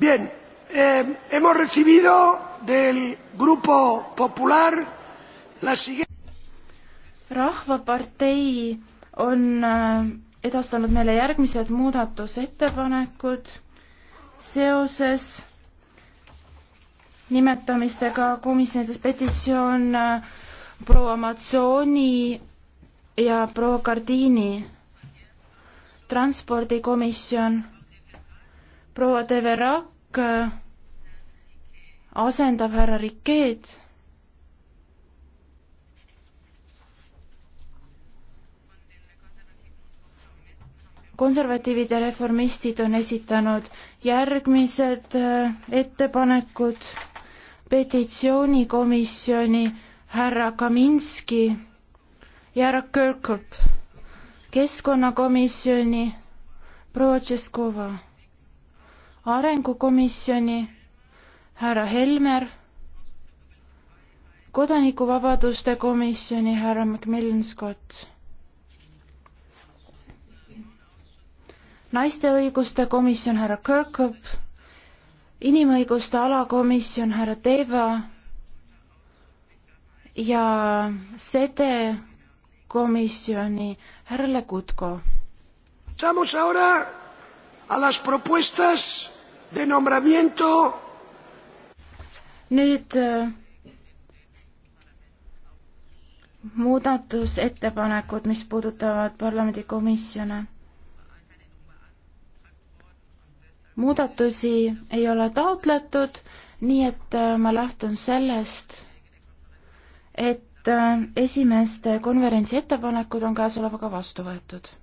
Bien, eh, hemos recibido del Grupo Popular la siguiente. rahvapartei on eh, edastanud meile järgmised muudatusettepanekud seoses nimetamistega komisjonides petitsioon eh, proua Matsooni ja proua Gardiini transpordikomisjon proua Deverak äh, asendab härra Rikeed. konservatiivid ja reformistid on esitanud järgmised äh, ettepanekud petitsioonikomisjoni härra Kaminski ja härra Kirkup, keskkonnakomisjoni proua Tšeskova arengukomisjoni, härra Helmer, kodanikuvabaduste komisjoni härra Macmillan Scott, naiste õiguste komisjon härra Kirkup, inimõiguste alakomisjon härra Deva ja sede komisjoni härra Legutko. Samus ahora a las propuestas de nombramiento. nüüd äh, muudatusettepanekud, mis puudutavad parlamendikomisjone. muudatusi ei ole taotletud, nii et äh, ma lähtun sellest, et äh, esimeeste konverentsi ettepanekud on käesolevaga vastu võetud